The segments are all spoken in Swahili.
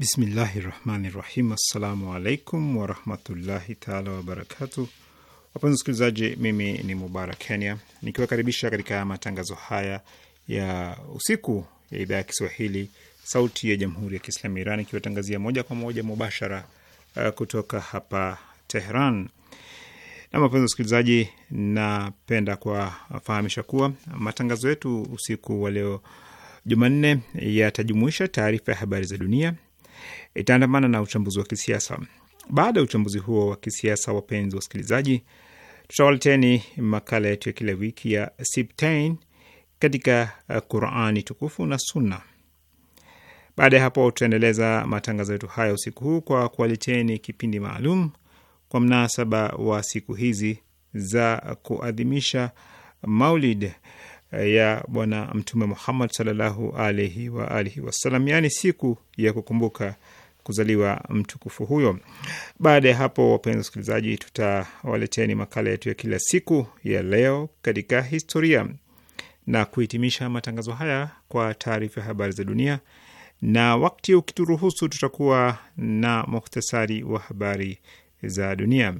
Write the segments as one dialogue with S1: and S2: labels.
S1: Bismillahi rahmani rahim. Assalamu alaikum warahmatullahi taala wabarakatu. Wapenzi wasikilizaji, mimi ni Mubarak Kenya nikiwakaribisha katika matangazo haya ya usiku ya idhaa ya Kiswahili Sauti ya Jamhuri ya Kiislamu Iran ikiwatangazia moja kwa moja mubashara uh, kutoka hapa Tehran. Na wapenzi wasikilizaji, napenda kuwafahamisha kuwa matangazo yetu usiku wa leo Jumanne yatajumuisha taarifa ya habari za dunia itaandamana na uchambuzi wa kisiasa. Baada ya uchambuzi huo wa kisiasa, wapenzi wa wasikilizaji, tutawaleteni makala yetu ya kila wiki ya Sibtain katika uh, Qurani tukufu na Sunna. Baada ya hapo, tutaendeleza matangazo yetu haya usiku huu kwa kuwaleteni kipindi maalum kwa mnasaba wa siku hizi za kuadhimisha Maulid ya Bwana Mtume Muhammad sallallahu alaihi wa alihi wasallam, yaani siku ya kukumbuka kuzaliwa mtukufu huyo. Baada ya hapo, wapenzi wasikilizaji, tutawaleteni makala yetu ya kila siku ya leo katika historia na kuhitimisha matangazo haya kwa taarifa ya habari za dunia, na wakati ukituruhusu, tutakuwa na muhtasari wa habari za dunia.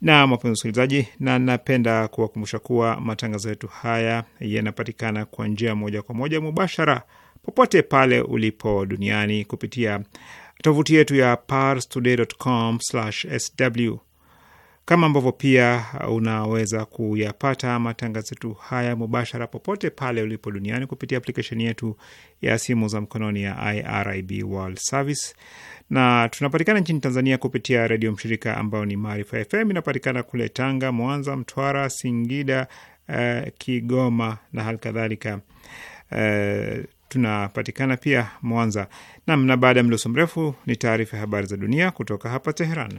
S1: Nam, wapenzi wasikilizaji, na napenda kuwakumbusha kuwa matangazo yetu haya yanapatikana kwa njia moja kwa moja mubashara popote pale ulipo duniani kupitia tovuti yetu ya parstoday.com/sw, kama ambavyo pia unaweza kuyapata matangazo yetu haya mubashara popote pale ulipo duniani kupitia aplikesheni yetu ya simu za mkononi ya IRIB World Service na tunapatikana nchini Tanzania kupitia redio mshirika ambayo ni Maarifa FM. Inapatikana kule Tanga, Mwanza, Mtwara, Singida, uh, Kigoma na hali kadhalika. Uh, tunapatikana pia Mwanza nam. Na baada ya mloso mrefu ni taarifa ya habari za dunia kutoka hapa Teheran.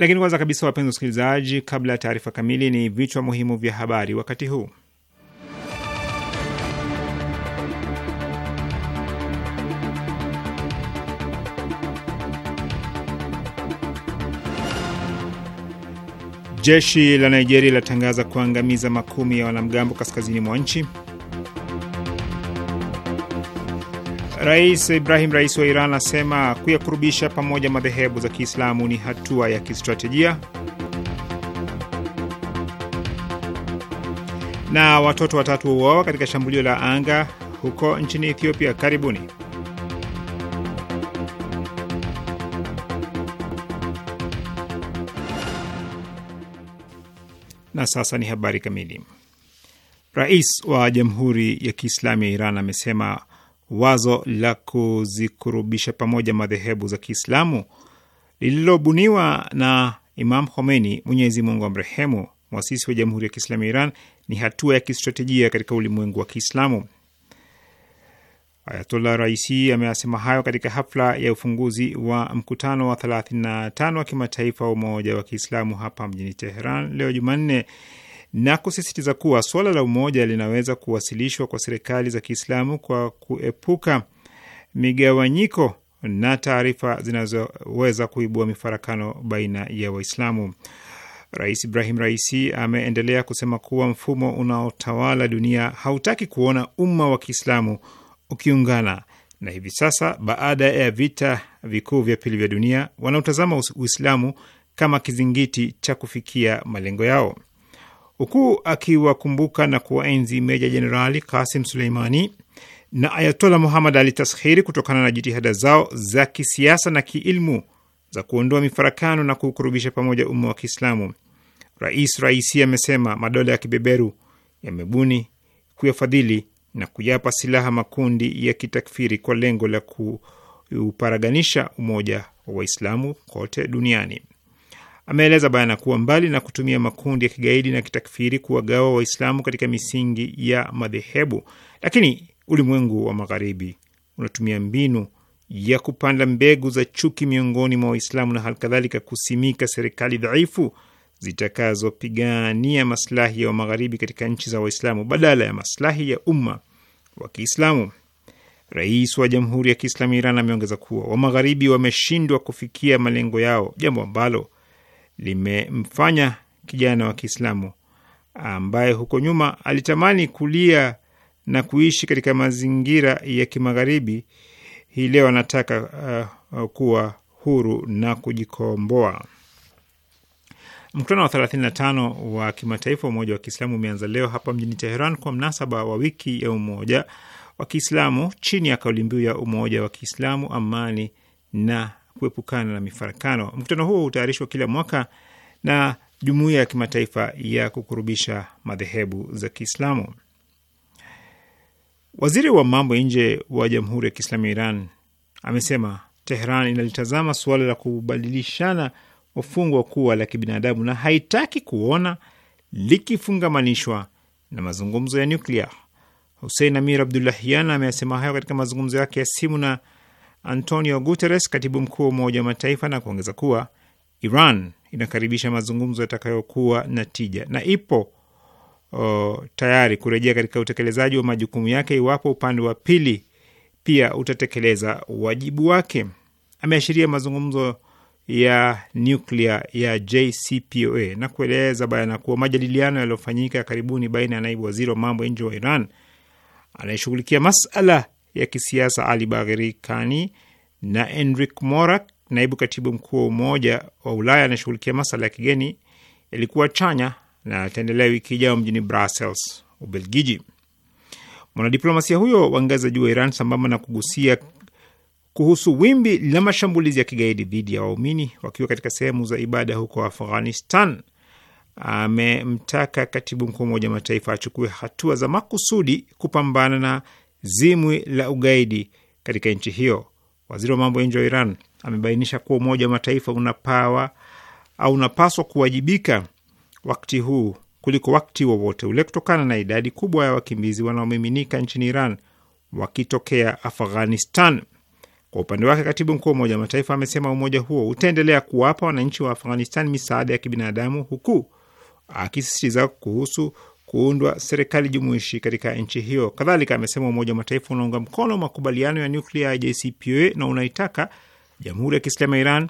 S1: Lakini kwanza kabisa, wapenzi wasikilizaji, kabla ya taarifa kamili, ni vichwa muhimu vya habari wakati huu. Jeshi la Nigeria latangaza kuangamiza makumi ya wanamgambo kaskazini mwa nchi. Rais Ibrahim Raisi wa Iran asema kuyakurubisha pamoja madhehebu za Kiislamu ni hatua ya kistratejia. Na watoto watatu wauawa katika shambulio la anga huko nchini Ethiopia. Karibuni. Na sasa ni habari kamili. Rais wa Jamhuri ya Kiislamu ya Iran amesema wazo la kuzikurubisha pamoja madhehebu za Kiislamu lililobuniwa na Imam Khomeini, Mwenyezi Mungu amrehemu, mwasisi wa Jamhuri ya Kiislamu ya Iran, ni hatua ya kistratejia katika ulimwengu wa Kiislamu. Ayatollah Raisi ameyasema hayo katika hafla ya ufunguzi wa mkutano wa 35 wa kimataifa wa umoja wa Kiislamu hapa mjini Teheran leo Jumanne na kusisitiza kuwa suala la umoja linaweza kuwasilishwa kwa serikali za Kiislamu kwa kuepuka migawanyiko na taarifa zinazoweza kuibua mifarakano baina ya Waislamu. Rais Ibrahim Raisi ameendelea kusema kuwa mfumo unaotawala dunia hautaki kuona umma wa Kiislamu ukiungana, na hivi sasa baada ya vita vikuu vya pili vya dunia wanaotazama Uislamu kama kizingiti cha kufikia malengo yao huku akiwakumbuka na kuwaenzi Meja Jenerali Kasim Suleimani na Ayatola Muhammad Ali Taskhiri kutokana na jitihada zao za kisiasa na kiilmu za kuondoa mifarakano na kuukurubisha pamoja umma wa Kiislamu. Rais Raisi amesema madola ya kibeberu yamebuni kuyafadhili na kuyapa silaha makundi ya kitakfiri kwa lengo la kuuparaganisha umoja wa Waislamu kote duniani. Ameeleza bayana kuwa mbali na kutumia makundi ya kigaidi na kitakfiri kuwagawa Waislamu katika misingi ya madhehebu, lakini ulimwengu wa Magharibi unatumia mbinu ya kupanda mbegu za chuki miongoni mwa Waislamu na halikadhalika kusimika serikali dhaifu zitakazopigania maslahi ya wamagharibi katika nchi za Waislamu badala ya maslahi ya umma wa Kiislamu. Rais wa Jamhuri ya Kiislamu Iran ameongeza kuwa Wamagharibi wameshindwa kufikia malengo yao, jambo ambalo limemfanya kijana wa Kiislamu ambaye huko nyuma alitamani kulia na kuishi katika mazingira ya kimagharibi, hii leo anataka uh, kuwa huru na kujikomboa. Mkutano wa 35 wa kimataifa Umoja wa Kiislamu umeanza leo hapa mjini Teheran kwa mnasaba wa wiki ya umoja wa Kiislamu chini ya kauli mbiu ya umoja wa Kiislamu, amani na kuepukana na mifarakano. Mkutano huo hutayarishwa kila mwaka na jumuiya ya kimataifa ya kukurubisha madhehebu za Kiislamu. Waziri wa mambo ya nje wa Jamhuri ya Kiislamu ya Iran amesema Tehran inalitazama suala la kubadilishana wafungwa kuwa la kibinadamu na haitaki kuona likifungamanishwa na mazungumzo ya nyuklia. Husein Amir Abdullahian ameyasema hayo katika mazungumzo yake ya simu na Antonio Guterres, katibu mkuu wa Umoja wa Mataifa, na kuongeza kuwa Iran inakaribisha mazungumzo yatakayokuwa na tija na ipo o, tayari kurejea katika utekelezaji wa majukumu yake iwapo upande wa pili pia utatekeleza wajibu wake. Ameashiria mazungumzo ya nyuklia ya JCPOA na kueleza bayana kuwa majadiliano yaliyofanyika karibuni baina ya naibu waziri wa mambo ya nje wa Iran anayeshughulikia masala ya kisiasa Ali Bagheri Kani na Enric Morak, naibu katibu mkuu wa Umoja wa Ulaya anashughulikia masala ya kigeni, yalikuwa chanya na ataendelea wiki ijayo mjini Brussels, Ubelgiji. Mwanadiplomasia huyo wa ngazi juu wa Iran, sambamba na kugusia kuhusu wimbi la mashambulizi ya kigaidi dhidi ya waumini wakiwa katika sehemu za ibada huko Afghanistan, amemtaka katibu mkuu wa Umoja wa Mataifa achukue hatua za makusudi kupambana na zimwi la ugaidi katika nchi hiyo. Waziri wa mambo ya nje wa Iran amebainisha kuwa Umoja wa Mataifa unapawa au unapaswa kuwajibika wakati huu kuliko wakati wowote ule kutokana na idadi kubwa ya wakimbizi wanaomiminika nchini Iran wakitokea Afghanistan. Kwa upande wake, katibu mkuu wa Umoja wa Mataifa amesema umoja huo utaendelea kuwapa wananchi wa Afghanistan misaada ya kibinadamu, huku akisisitiza kuhusu kuundwa serikali jumuishi katika nchi hiyo. Kadhalika amesema Umoja wa Mataifa unaunga mkono makubaliano ya nyuklia ya JCPOA na unaitaka Jamhuri ya Kiislamu ya Iran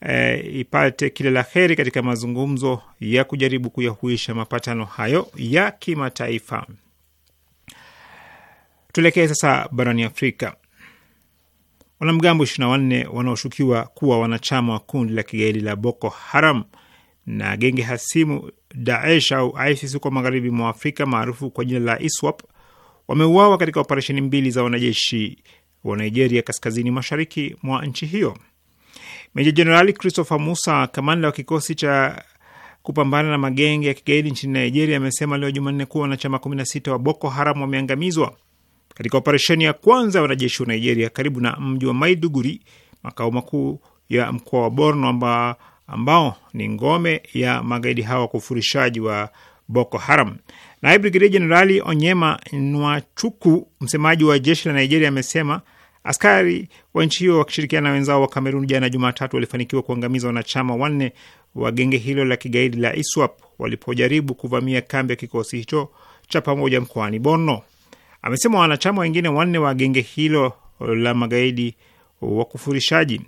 S1: eh, ipate kile la heri katika mazungumzo ya kujaribu kuyahuisha mapatano hayo ya kimataifa. Tuelekee sasa barani Afrika. Wanamgambo 24 wanaoshukiwa kuwa wanachama wa kundi la kigaidi la Boko Haram na genge hasimu Daesh au ISIS huko magharibi mwa Afrika maarufu kwa jina la ISWAP wameuawa katika operesheni mbili za wanajeshi wa Nigeria kaskazini mashariki mwa nchi hiyo. Meja Jenerali Christopher Musa, kamanda wa kikosi cha kupambana na magenge ya kigaidi nchini Nigeria, amesema leo Jumanne kuwa wanachama 16 wa Boko Haram wameangamizwa katika operesheni ya kwanza ya wanajeshi wa Nigeria karibu na mji wa Maiduguri, makao makuu ya mkoa wa Borno, ambao ambao ni ngome ya magaidi hawa wakufurishaji wa Boko Haram. Naye Brigedia Jenerali Onyema Nwachuku, msemaji wa jeshi la Nigeria, amesema askari wa nchi hiyo wakishirikiana na wenzao wa Kamerun jana Jumatatu walifanikiwa kuangamiza wanachama wanne wa genge hilo la kigaidi la ISWAP walipojaribu kuvamia kambi ya kikosi hicho cha pamoja mkoani Borno. Amesema wanachama wengine wanne wa genge hilo la magaidi wa kufurishaji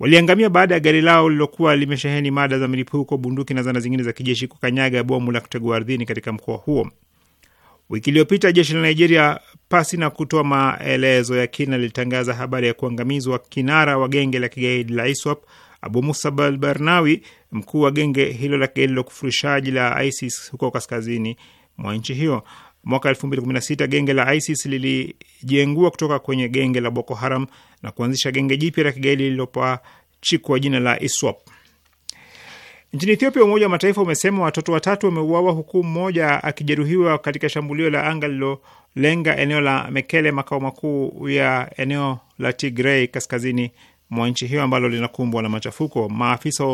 S1: Waliangamia baada ya gari lao lilokuwa limesheheni mada za milipuko, bunduki na zana zingine za kijeshi kukanyaga bomu la kutegua ardhini katika mkoa huo. Wiki iliyopita jeshi la Nigeria, pasi na kutoa maelezo ya kina, lilitangaza habari ya kuangamizwa kinara wa genge la kigaidi la ISWAP Abu musa balbarnawi Barnawi, mkuu wa genge hilo la kigaidi la kufurishaji la ISIS huko kaskazini mwa nchi hiyo. Mwaka 2016 genge la ISIS lilijengua kutoka kwenye genge la Boko Haram na kuanzisha genge jipya la kigaidi lililopachikwa jina la ISWAP. Nchini Ethiopia, Umoja wa Mataifa umesema watoto watatu wameuawa huku mmoja akijeruhiwa katika shambulio la anga lililolenga eneo la Mekele, makao makuu ya eneo la Tigrei kaskazini mwa nchi hiyo ambalo linakumbwa na machafuko. Maafisa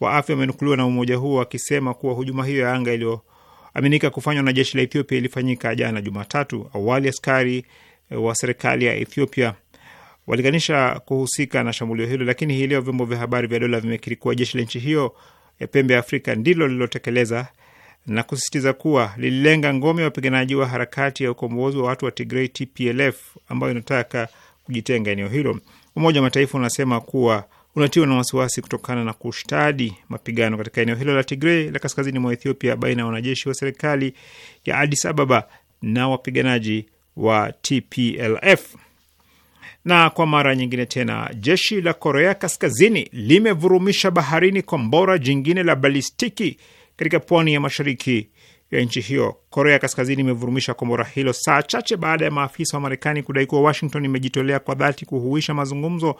S1: wa afya wamenukuliwa na umoja huo wakisema kuwa hujuma hiyo ya anga iliyo aminika kufanywa na jeshi la Ethiopia ilifanyika jana Jumatatu. Awali askari eh, wa serikali ya Ethiopia waliganisha kuhusika na shambulio hilo, lakini hii leo vyombo vya habari vya dola vimekiri kuwa jeshi la nchi hiyo ya eh, pembe ya Afrika ndilo lililotekeleza na kusisitiza kuwa lililenga ngome ya wapiganaji wa harakati ya ukombozi wa watu wa Tigray TPLF ambayo inataka kujitenga eneo hilo. Umoja wa Mataifa unasema kuwa unatiwa na wasiwasi kutokana na kushtadi mapigano katika eneo hilo la tigrei la kaskazini mwa Ethiopia baina ya wanajeshi wa serikali ya Adis Ababa na wapiganaji wa TPLF. Na kwa mara nyingine tena jeshi la Korea Kaskazini limevurumisha baharini kombora jingine la balistiki katika pwani ya mashariki ya nchi hiyo. Korea Kaskazini imevurumisha kombora hilo saa chache baada ya maafisa wa Marekani kudai kuwa Washington imejitolea kwa dhati kuhuisha mazungumzo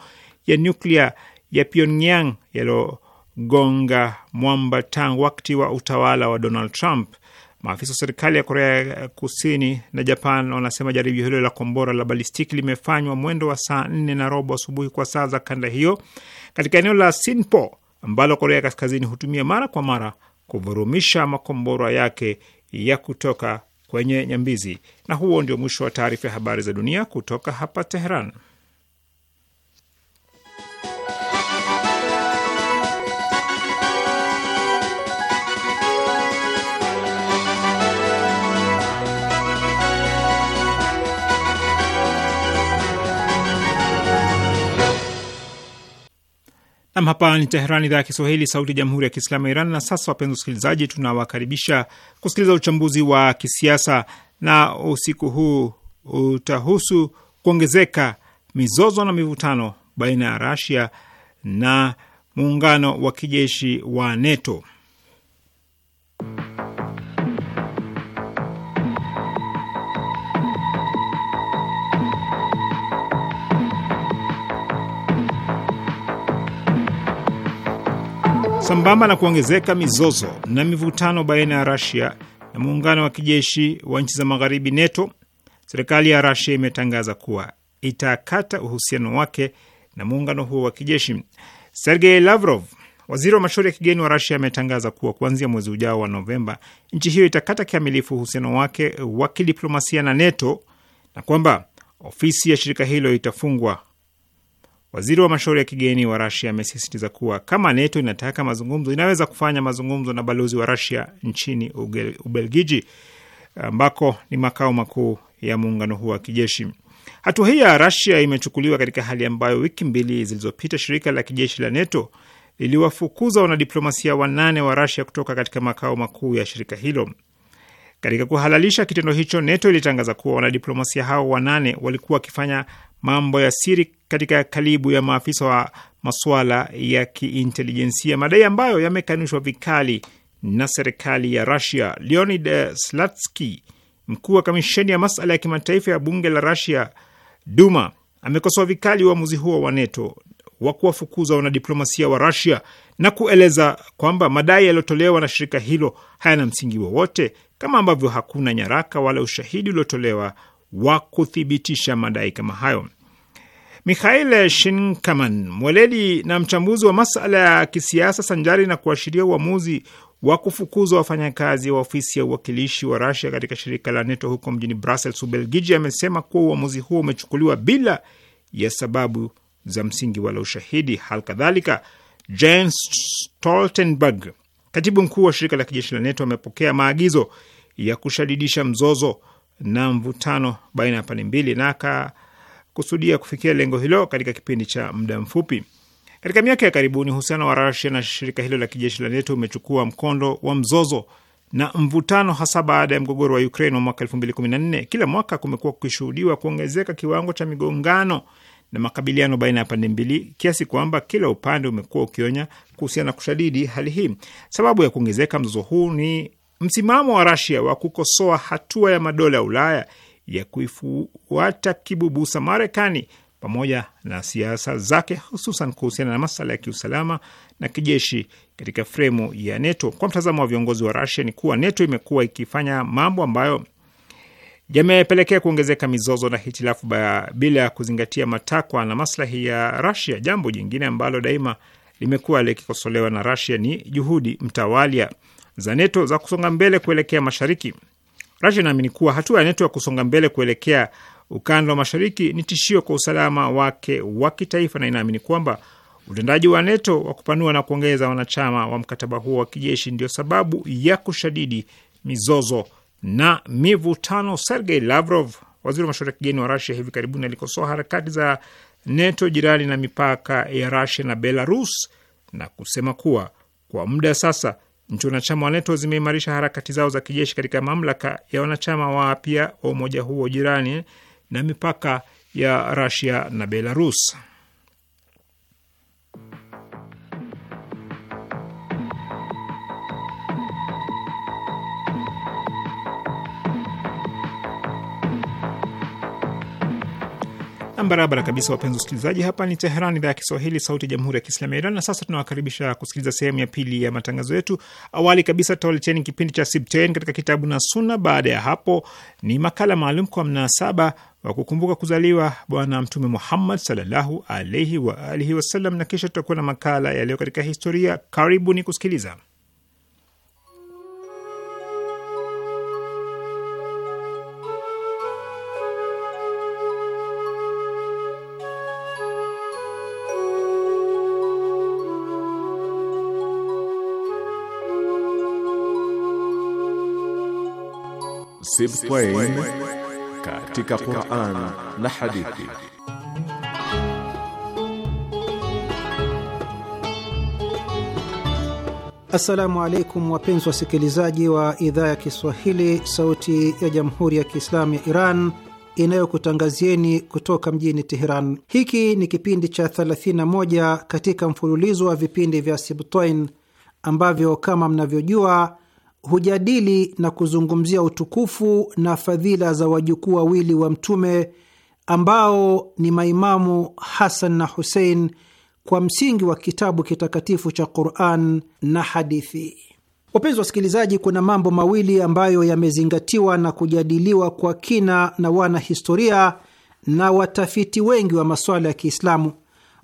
S1: ya nyuklia ya Pyongyang yaliyogonga mwamba tangu wakati wa utawala wa Donald Trump. Maafisa wa serikali ya Korea ya Kusini na Japan wanasema jaribio hilo la kombora la balistiki limefanywa mwendo wa saa nne na robo asubuhi kwa saa za kanda hiyo katika eneo la Sinpo ambalo Korea Kaskazini hutumia mara kwa mara kuvurumisha makombora yake ya kutoka kwenye nyambizi. Na huo ndio mwisho wa taarifa ya habari za dunia kutoka hapa Teheran. Nam, hapa ni teheran idhaa ya Kiswahili, sauti ya jamhuri ya kiislamu ya Iran. Na sasa, wapenzi wasikilizaji, tunawakaribisha kusikiliza uchambuzi wa kisiasa, na usiku huu utahusu kuongezeka mizozo na mivutano baina ya Rasia na muungano wa kijeshi wa NATO. sambamba na kuongezeka mizozo na mivutano baina ya Rasia na muungano wa kijeshi wa nchi za magharibi NATO, serikali ya Rasia imetangaza kuwa itakata uhusiano wake na muungano huo wa kijeshi. Sergei Lavrov, waziri wa mashauri ya kigeni wa Rasia, ametangaza kuwa kuanzia mwezi ujao wa Novemba, nchi hiyo itakata kikamilifu uhusiano wake wa kidiplomasia na NATO na kwamba ofisi ya shirika hilo itafungwa Waziri wa mashauri ya kigeni wa Rasia amesisitiza kuwa kama NATO inataka mazungumzo, inaweza kufanya mazungumzo na balozi wa Rasia nchini Ubelgiji, ambako ni makao makuu ya muungano huo wa kijeshi. Hatua hii ya Rasia imechukuliwa katika hali ambayo wiki mbili zilizopita shirika la kijeshi la NATO liliwafukuza wanadiplomasia wanane wa Rasia kutoka katika makao makuu ya shirika hilo. Katika kuhalalisha kitendo hicho, NATO ilitangaza kuwa wanadiplomasia hao wanane walikuwa wakifanya mambo ya siri katika kalibu ya maafisa wa masuala ya kiintelijensia, madai ambayo yamekanushwa vikali na serikali ya Rusia. Leonid slatski mkuu wa kamisheni ya masala ya kimataifa ya bunge la Rusia, Duma, amekosoa vikali uamuzi huo wa NATO wa kuwafukuza wanadiplomasia wa Rusia na kueleza kwamba madai yaliyotolewa na shirika hilo hayana msingi wowote kama ambavyo hakuna nyaraka wala ushahidi uliotolewa wa kuthibitisha madai kama hayo. Mikhail Shinkaman, mweledi na mchambuzi wa masala ya kisiasa, sanjari na kuashiria uamuzi wa kufukuzwa wafanyakazi wa ofisi ya uwakilishi wa Rasia katika shirika la NATO huko mjini Brussels, Ubelgiji, amesema kuwa uamuzi huo umechukuliwa bila ya sababu za msingi wala ushahidi. Hal kadhalika Jens Stoltenberg Katibu mkuu wa shirika la kijeshi la NATO amepokea maagizo ya kushadidisha mzozo na mvutano baina ya pande mbili na akakusudia kufikia lengo hilo katika kipindi cha muda mfupi. Katika miaka ya karibuni, uhusiano wa Rasia na shirika hilo la kijeshi la NATO umechukua mkondo wa mzozo na mvutano, hasa baada ya mgogoro wa Ukraine wa mwaka 2014. Kila mwaka kumekuwa kukishuhudiwa kuongezeka kiwango cha migongano na makabiliano baina ya pande mbili kiasi kwamba kila upande umekuwa ukionya kuhusiana na kushadidi hali hii. Sababu ya kuongezeka mzozo huu ni msimamo wa Rasia wa kukosoa hatua ya madola ya Ulaya ya kuifuata kibubusa Marekani pamoja na siasa zake hususan kuhusiana na masala ya kiusalama na kijeshi katika fremu ya NATO. Kwa mtazamo wa viongozi wa Rasia ni kuwa NATO imekuwa ikifanya mambo ambayo yamepelekea kuongezeka mizozo na hitilafu bila ya kuzingatia matakwa na maslahi ya Rasia. Jambo jingine ambalo daima limekuwa likikosolewa na Rasia ni juhudi mtawalia za Neto za kusonga mbele kuelekea mashariki. Rasia inaamini kuwa hatua ya Neto ya kusonga mbele kuelekea ukanda wa mashariki ni tishio kwa usalama wake wa kitaifa, na inaamini kwamba utendaji wa Neto wa kupanua na kuongeza wanachama wa mkataba huo wa kijeshi ndio sababu ya kushadidi mizozo na mivutano, Sergei Lavrov, waziri wa mashauri ya kigeni wa Rasia, hivi karibuni alikosoa harakati za NATO jirani na mipaka ya Rasia na Belarus na kusema kuwa kwa muda sasa nchi wanachama wa NATO zimeimarisha harakati zao za kijeshi katika mamlaka ya wanachama wapya wa umoja huo jirani na mipaka ya Rasia na Belarus. barabara kabisa, wapenzi wasikilizaji, hapa ni Teheran, idhaa ya Kiswahili, sauti ya jamhuri ya kiislami ya Iran. Na sasa tunawakaribisha kusikiliza sehemu ya pili ya matangazo yetu. Awali kabisa, tutawaleteni kipindi cha Sibtain katika kitabu na Sunna. Baada ya hapo ni makala maalum kwa mnasaba wa kukumbuka kuzaliwa Bwana Mtume Muhammad sallallahu alaihi waalihi wasallam, na kisha tutakuwa na makala ya leo katika historia. Karibuni kusikiliza.
S2: Sibtain katika Qur'an na hadithi.
S3: Assalamu alaikum wapenzi wasikilizaji wa idhaa ya Kiswahili sauti ya Jamhuri ya Kiislamu ya Iran inayokutangazieni kutoka mjini Teheran. Hiki ni kipindi cha 31 katika mfululizo wa vipindi vya Sibtain ambavyo kama mnavyojua hujadili na kuzungumzia utukufu na fadhila za wajukuu wawili wa Mtume ambao ni maimamu Hasan na Husein kwa msingi wa kitabu kitakatifu cha Quran na hadithi. Wapenzi wasikilizaji, kuna mambo mawili ambayo yamezingatiwa na kujadiliwa kwa kina na wanahistoria na watafiti wengi wa masuala ya Kiislamu.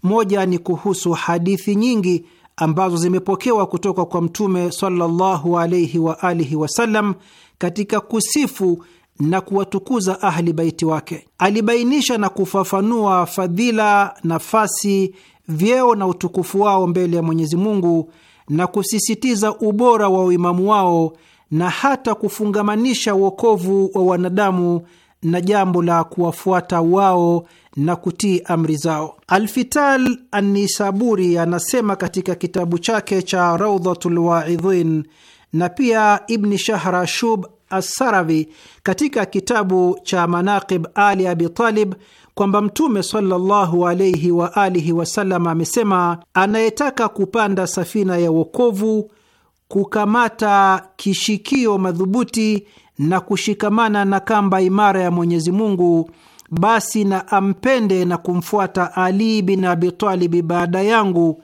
S3: Moja ni kuhusu hadithi nyingi ambazo zimepokewa kutoka kwa Mtume sallallahu alaihi wa alihi wasallam katika kusifu na kuwatukuza ahli baiti wake. Alibainisha na kufafanua fadhila, nafasi, vyeo na utukufu wao mbele ya Mwenyezi Mungu na kusisitiza ubora wa uimamu wao na hata kufungamanisha wokovu wa wanadamu na jambo la kuwafuata wao na kutii amri zao. Alfital Anisaburi anasema katika kitabu chake cha Raudhatul Waidhin na pia Ibni Shahra Shub Assaravi katika kitabu cha Manaqib Ali Abi Talib kwamba Mtume sallallahu wa alihi wasallam amesema, anayetaka kupanda safina ya wokovu, kukamata kishikio madhubuti na kushikamana na kamba imara ya Mwenyezi Mungu, basi na ampende na kumfuata Ali bin Abi baada yangu,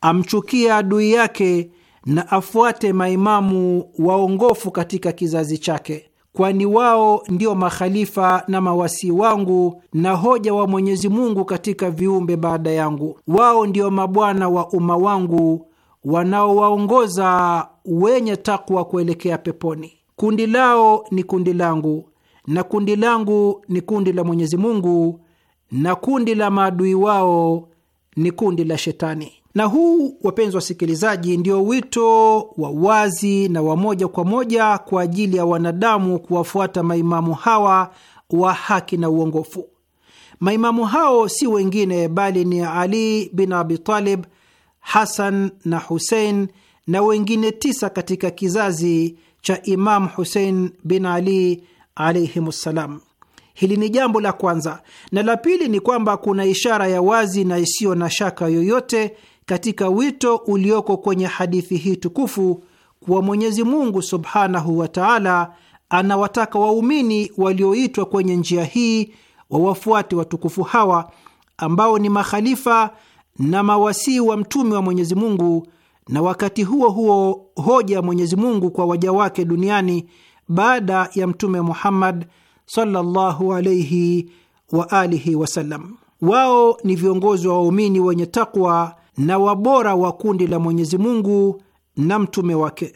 S3: amchukie adui yake na afuate maimamu waongofu katika kizazi chake, kwani wao ndio makhalifa na mawasii wangu na hoja wa Mwenyezi Mungu katika viumbe baada yangu. Wao ndio mabwana wa umma wangu wanaowaongoza wenye takwa kuelekea peponi kundi lao ni kundi langu na kundi langu ni kundi la Mwenyezi Mungu na kundi la maadui wao ni kundi la Shetani. Na huu, wapenzi wasikilizaji, ndio wito wa wazi na wa moja kwa moja kwa ajili ya wanadamu kuwafuata maimamu hawa wa haki na uongofu. Maimamu hao si wengine bali ni Ali bin Abi Talib, Hasan na Husein na wengine tisa katika kizazi cha Imam Husein bin Ali alaihimussalam. Hili ni jambo la kwanza, na la pili ni kwamba kuna ishara ya wazi na isiyo na shaka yoyote katika wito ulioko kwenye hadithi hii tukufu kuwa Mwenyezi Mungu subhanahu wa taala anawataka waumini walioitwa kwenye njia hii wawafuate watukufu hawa ambao ni makhalifa na mawasii wa mtume wa Mwenyezi Mungu na wakati huo huo hoja ya Mwenyezi Mungu kwa waja wake duniani baada ya Mtume Muhammad sallallahu alaihi wa alihi wasallam. Wao ni viongozi wa waumini wenye takwa na wabora wa kundi la Mwenyezi Mungu na mtume wake.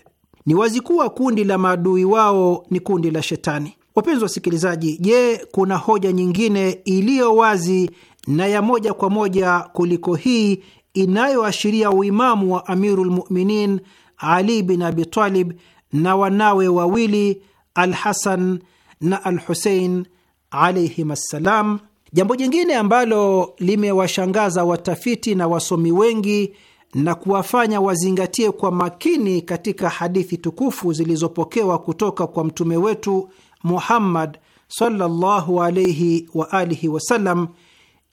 S3: Ni wazi kuwa kundi la maadui wao ni kundi la Shetani. Wapenzi wasikilizaji, je, kuna hoja nyingine iliyo wazi na ya moja kwa moja kuliko hii inayoashiria uimamu wa amirulmuminin Ali bin Abitalib na wanawe wawili Al Hasan na Alhusein alaihim assalam. Jambo jingine ambalo limewashangaza watafiti na wasomi wengi na kuwafanya wazingatie kwa makini katika hadithi tukufu zilizopokewa kutoka kwa mtume wetu Muhammad sallallahu alaihi wa alihi wasallam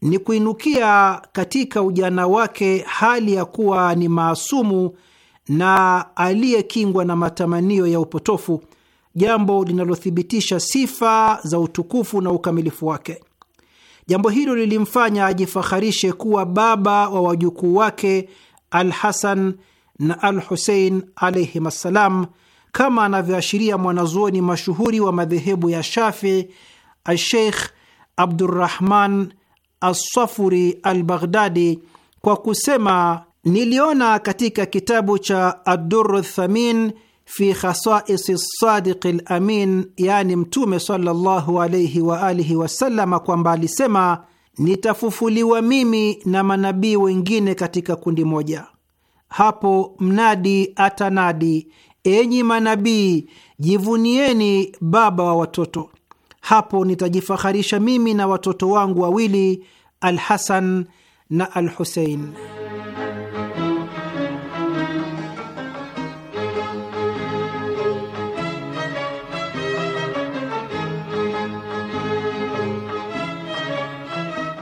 S3: ni kuinukia katika ujana wake hali ya kuwa ni maasumu na aliyekingwa na matamanio ya upotofu, jambo linalothibitisha sifa za utukufu na ukamilifu wake. Jambo hilo lilimfanya ajifaharishe kuwa baba wa wajukuu wake Al Hasan na Al Husein alaihim assalam, kama anavyoashiria mwanazuoni mashuhuri wa madhehebu ya Shafii Asheikh Abdurrahman Assafuri Albaghdadi kwa kusema, niliona katika kitabu cha Adduru Thamin fi khasaisi Sadiqi Lamin, yani Mtume sallallahu alaihi kwamba alisema nitafufuliwa mimi na manabii wengine katika kundi moja. Hapo mnadi atanadi, enyi manabii, jivunieni baba wa watoto hapo nitajifaharisha mimi na watoto wangu wawili, Al Hasan na Al Husein.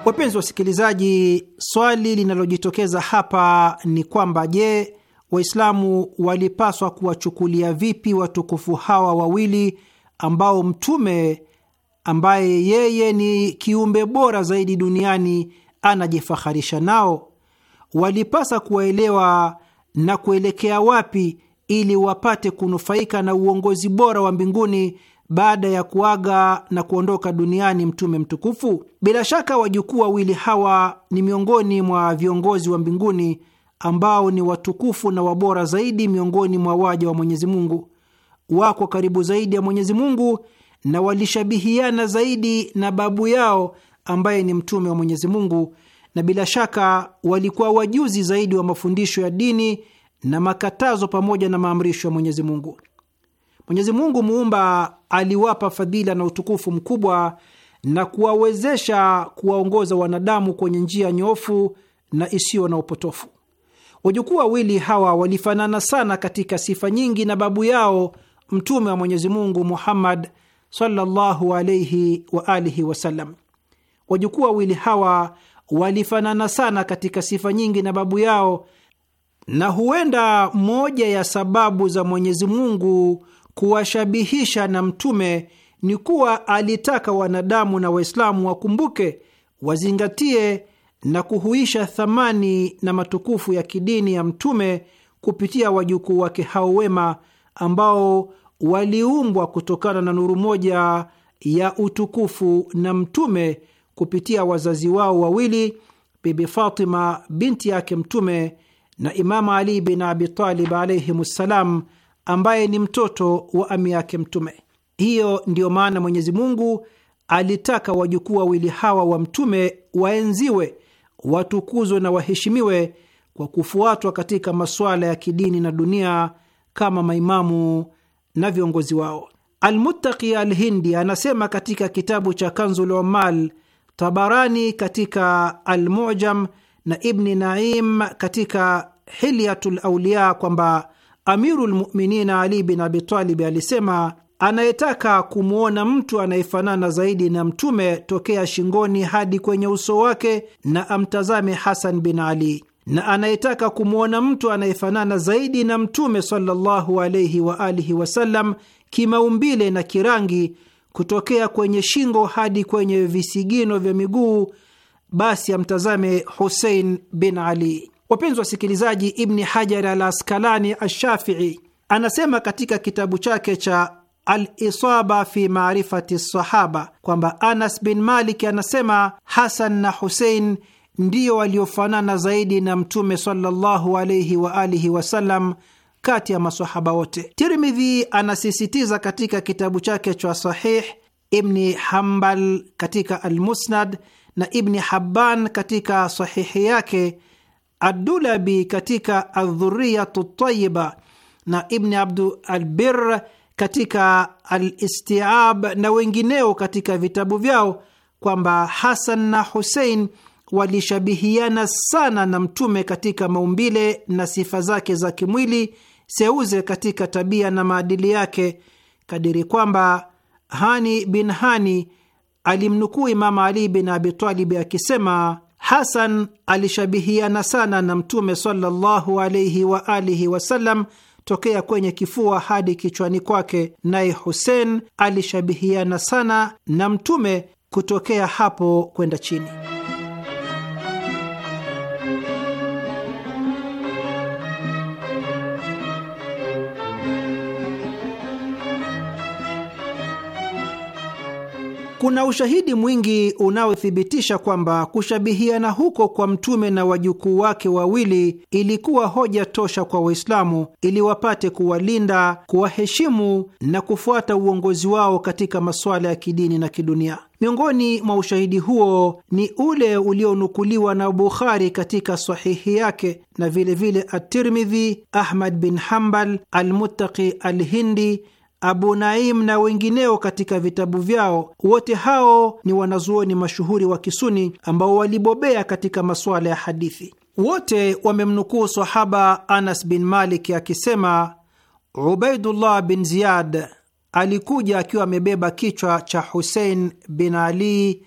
S3: Wapenzi wasikilizaji, swali linalojitokeza hapa ni kwamba je, Waislamu walipaswa kuwachukulia vipi watukufu hawa wawili ambao Mtume ambaye yeye ni kiumbe bora zaidi duniani anajifaharisha nao. Walipasa kuwaelewa na kuelekea wapi ili wapate kunufaika na uongozi bora wa mbinguni baada ya kuaga na kuondoka duniani mtume mtukufu. Bila shaka wajukuu wawili hawa ni miongoni mwa viongozi wa mbinguni ambao ni watukufu na wabora zaidi miongoni mwa waja wa Mwenyezi Mungu, wako karibu zaidi ya Mwenyezi Mungu na walishabihiana zaidi na babu yao ambaye ni mtume wa Mwenyezi Mungu, na bila shaka walikuwa wajuzi zaidi wa mafundisho ya dini na makatazo pamoja na maamrisho ya Mwenyezi Mungu. Mwenyezi Mungu muumba aliwapa fadhila na utukufu mkubwa na kuwawezesha kuwaongoza wanadamu kwenye njia nyofu na isiyo na upotofu. Wajukuu wawili hawa walifanana sana katika sifa nyingi na babu yao Mtume wa Mwenyezi Mungu Muhammad sallallahu alayhi wa alihi wasallam. Wajukuu wawili hawa walifanana sana katika sifa nyingi na babu yao, na huenda moja ya sababu za Mwenyezi Mungu kuwashabihisha na Mtume ni kuwa alitaka wanadamu na Waislamu wakumbuke, wazingatie na kuhuisha thamani na matukufu ya kidini ya Mtume kupitia wajukuu wake hao wema ambao waliumbwa kutokana na nuru moja ya utukufu na mtume kupitia wazazi wao wawili, Bibi Fatima binti yake mtume na Imamu Ali bin Abitalib ssalam, ambaye ni mtoto wa ami yake mtume. Hiyo ndiyo maana Mwenyezi Mungu alitaka wajukuu wawili hawa wa mtume waenziwe, watukuzwe na waheshimiwe kwa kufuatwa katika masuala ya kidini na dunia kama maimamu na viongozi wao. Almuttaqi Alhindi anasema katika kitabu cha Kanzul Ummal, Tabarani katika Almujam na Ibni Naim katika Hilyatul Auliya kwamba Amiru lmuminina Ali bin Abitalibi alisema anayetaka kumwona mtu anayefanana zaidi na Mtume tokea shingoni hadi kwenye uso wake na amtazame Hasan bin Ali na anayetaka kumwona mtu anayefanana zaidi na Mtume sallallahu wa alihi wasallam kimaumbile na kirangi, kutokea kwenye shingo hadi kwenye visigino vya miguu, basi amtazame Husein bin Ali. Wapenzi wasikilizaji, Ibni Hajar al Askalani Ashafii anasema katika kitabu chake cha Alisaba fi marifati sahaba kwamba Anas bin Malik anasema Hasan na Husein ndiyo waliofanana zaidi na Mtume sallallahu alaihi wa alihi wasallam kati ya masahaba wote. Tirmidhi anasisitiza katika kitabu chake cha Sahih, Ibni Hambal katika Almusnad na Ibni Habban katika sahihi yake, Adulabi katika Adhuriyatu Tayiba na Ibni Abdu Albir katika Alistiab na wengineo katika vitabu vyao kwamba Hasan na Husein walishabihiana sana na Mtume katika maumbile na sifa zake za kimwili, seuze katika tabia na maadili yake, kadiri kwamba Hani bin Hani alimnukuu Imama Ali bin Abitalibi akisema Hasan alishabihiana sana na Mtume sallallahu alaihi wa alihi wasallam tokea kwenye kifua hadi kichwani kwake, naye Husein alishabihiana sana na Mtume kutokea hapo kwenda chini. Kuna ushahidi mwingi unaothibitisha kwamba kushabihiana huko kwa mtume na wajukuu wake wawili ilikuwa hoja tosha kwa Waislamu ili wapate kuwalinda, kuwaheshimu na kufuata uongozi wao katika masuala ya kidini na kidunia. Miongoni mwa ushahidi huo ni ule ulionukuliwa na Bukhari katika sahihi yake na vilevile Atirmidhi, Ahmad bin Hambal, Almuttaqi Alhindi Abu Naim na wengineo katika vitabu vyao. Wote hao ni wanazuoni mashuhuri wa Kisuni ambao walibobea katika masuala ya hadithi. Wote wamemnukuu sahaba Anas bin Malik akisema, Ubaidullah bin Ziyad alikuja akiwa amebeba kichwa cha Husein bin Ali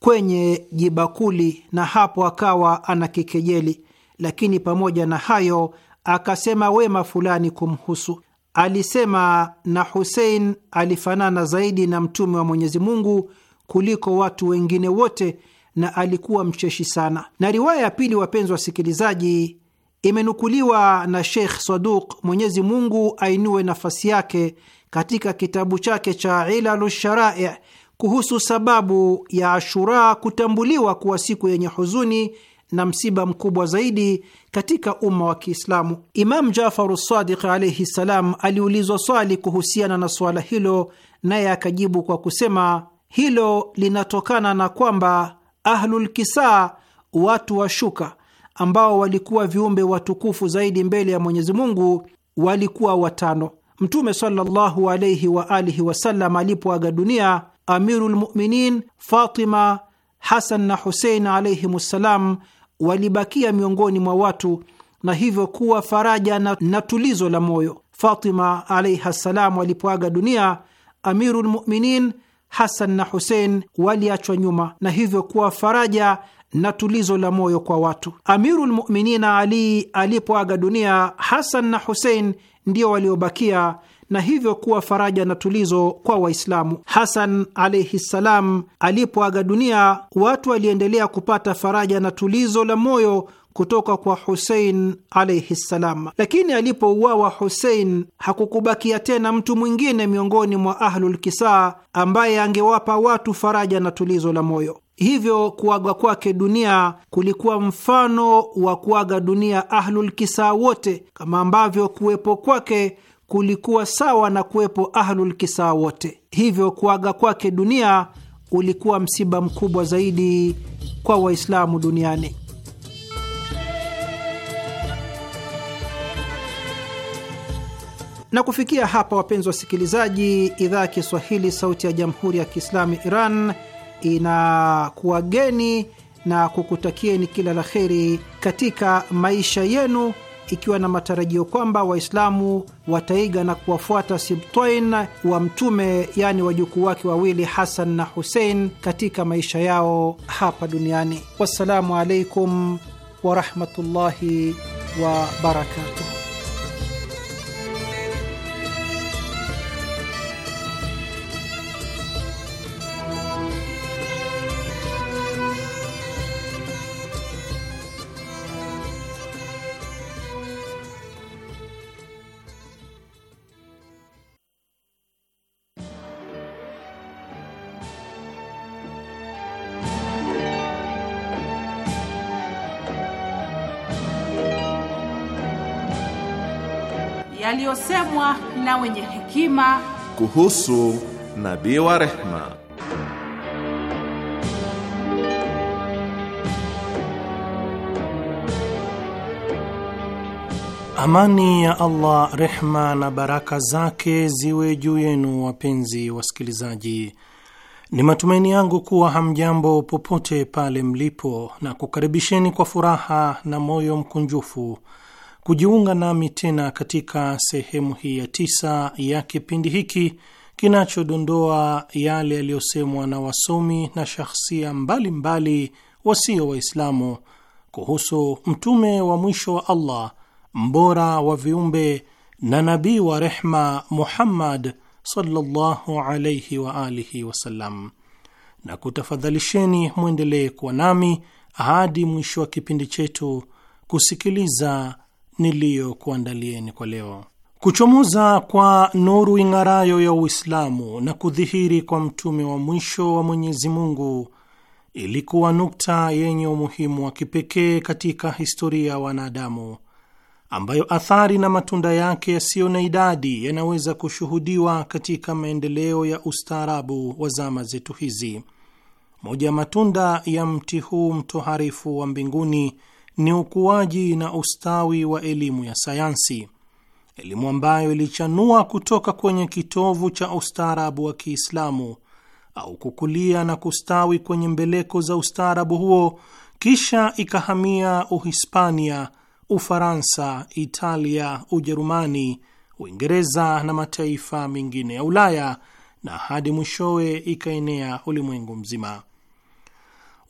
S3: kwenye jibakuli, na hapo akawa anakikejeli, lakini pamoja na hayo akasema wema fulani kumhusu alisema, na Husein alifanana zaidi na mtume wa Mwenyezi Mungu kuliko watu wengine wote na alikuwa mcheshi sana. Na riwaya ya pili, wapenzi wasikilizaji, imenukuliwa na Sheikh Saduq, Mwenyezi Mungu ainue nafasi yake, katika kitabu chake cha Ilalu Sharai kuhusu sababu ya Ashura kutambuliwa kuwa siku yenye huzuni na msiba mkubwa zaidi katika umma wa Kiislamu. Imamu Jafaru Sadiq alaihi ssalam aliulizwa swali kuhusiana na suala hilo, naye akajibu kwa kusema, hilo linatokana na kwamba Ahlulkisaa, watu wa shuka, ambao walikuwa viumbe watukufu zaidi mbele ya Mwenyezi Mungu, walikuwa watano. Mtume sallallahu alaihi wa alihi wasallam alipoaga dunia, amirulmuminin Fatima, Hasan na Husein alaihim ssalam walibakia miongoni mwa watu na hivyo kuwa faraja na, na tulizo la moyo. Fatima alaihi ssalam alipoaga dunia, Amiru lmuminin Hasan na Husein waliachwa nyuma na hivyo kuwa faraja na tulizo la moyo kwa watu. Amiru Muminina Ali alipoaga dunia, Hasan na Husein ndio waliobakia na hivyo kuwa faraja na tulizo kwa Waislamu. Hasan alaihi ssalam alipoaga dunia, watu waliendelea kupata faraja na tulizo la moyo kutoka kwa Husein alaihi ssalam, lakini alipouawa Husein hakukubakia tena mtu mwingine miongoni mwa Ahlulkisaa ambaye angewapa watu faraja na tulizo la moyo. Hivyo kuaga kwake dunia kulikuwa mfano wa kuaga dunia Ahlulkisaa wote, kama ambavyo kuwepo kwake kulikuwa sawa na kuwepo ahlulkisaa wote, hivyo kuaga kwake dunia ulikuwa msiba mkubwa zaidi kwa Waislamu duniani. Na kufikia hapa, wapenzi wasikilizaji, idhaa ya Kiswahili sauti ya jamhuri ya Kiislamu Iran inakuwageni na kukutakieni kila la kheri katika maisha yenu ikiwa na matarajio kwamba Waislamu wataiga na kuwafuata Sibtain wa Mtume, yaani wajukuu wake wawili Hasan na Husein katika maisha yao hapa duniani. Wassalamu alaikum warahmatullahi wabarakatuh. rehma
S2: kuhusu nabii wa rehma
S4: Amani ya Allah, rehma na baraka zake ziwe juu yenu, wapenzi wasikilizaji. Ni matumaini yangu kuwa hamjambo popote pale mlipo, na kukaribisheni kwa furaha na moyo mkunjufu kujiunga nami tena katika sehemu hii ya tisa ya kipindi hiki kinachodondoa yale yaliyosemwa na wasomi na shahsia mbalimbali wasio Waislamu kuhusu mtume wa mwisho wa Allah mbora wa viumbe na nabii wa rehma Muhammad sallallahu alayhi wa alihi wasallam, na kutafadhalisheni mwendelee kuwa nami hadi mwisho wa kipindi chetu kusikiliza niliyokuandalieni kwa leo. Kuchomoza kwa nuru ing'arayo ya Uislamu na kudhihiri kwa mtume wa mwisho wa Mwenyezi Mungu ilikuwa nukta yenye umuhimu wa kipekee katika historia ya wanadamu ambayo athari na matunda yake yasiyo na idadi yanaweza kushuhudiwa katika maendeleo ya ustaarabu wa zama zetu hizi. Moja ya matunda ya mti huu mtoharifu wa mbinguni ni ukuaji na ustawi wa elimu ya sayansi, elimu ambayo ilichanua kutoka kwenye kitovu cha ustaarabu wa Kiislamu au kukulia na kustawi kwenye mbeleko za ustaarabu huo, kisha ikahamia Uhispania, Ufaransa, Italia, Ujerumani, Uingereza na mataifa mengine ya Ulaya na hadi mwishowe ikaenea ulimwengu mzima.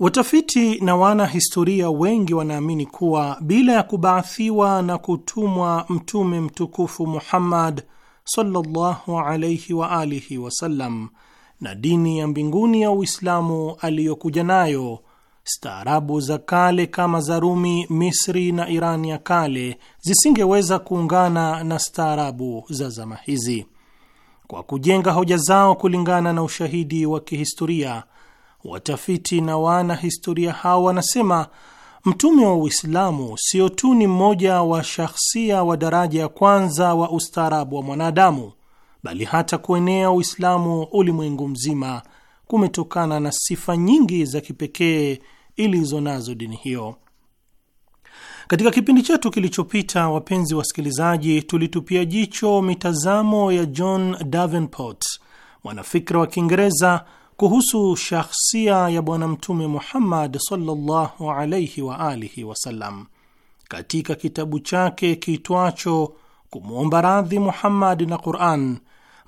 S4: Watafiti na wanahistoria wengi wanaamini kuwa bila ya kubaathiwa na kutumwa Mtume mtukufu Muhammad sallallahu alayhi wa alihi wasallam na dini ya mbinguni ya Uislamu aliyokuja nayo, staarabu za kale kama za Rumi, Misri na Irani ya kale zisingeweza kuungana na staarabu za zama hizi. Kwa kujenga hoja zao kulingana na ushahidi wa kihistoria Watafiti na wana historia hao wanasema mtume wa Uislamu sio tu ni mmoja wa shahsia wa daraja ya kwanza wa ustaarabu wa mwanadamu, bali hata kuenea Uislamu ulimwengu mzima kumetokana na sifa nyingi za kipekee ilizo nazo dini hiyo. Katika kipindi chetu kilichopita, wapenzi wasikilizaji, tulitupia jicho mitazamo ya John Davenport, mwanafikra wa Kiingereza kuhusu shakhsia ya Bwana Mtume Muhammad sallallahu alaihi wa alihi wasallam katika kitabu chake kiitwacho Kumwomba Radhi Muhammad na Quran,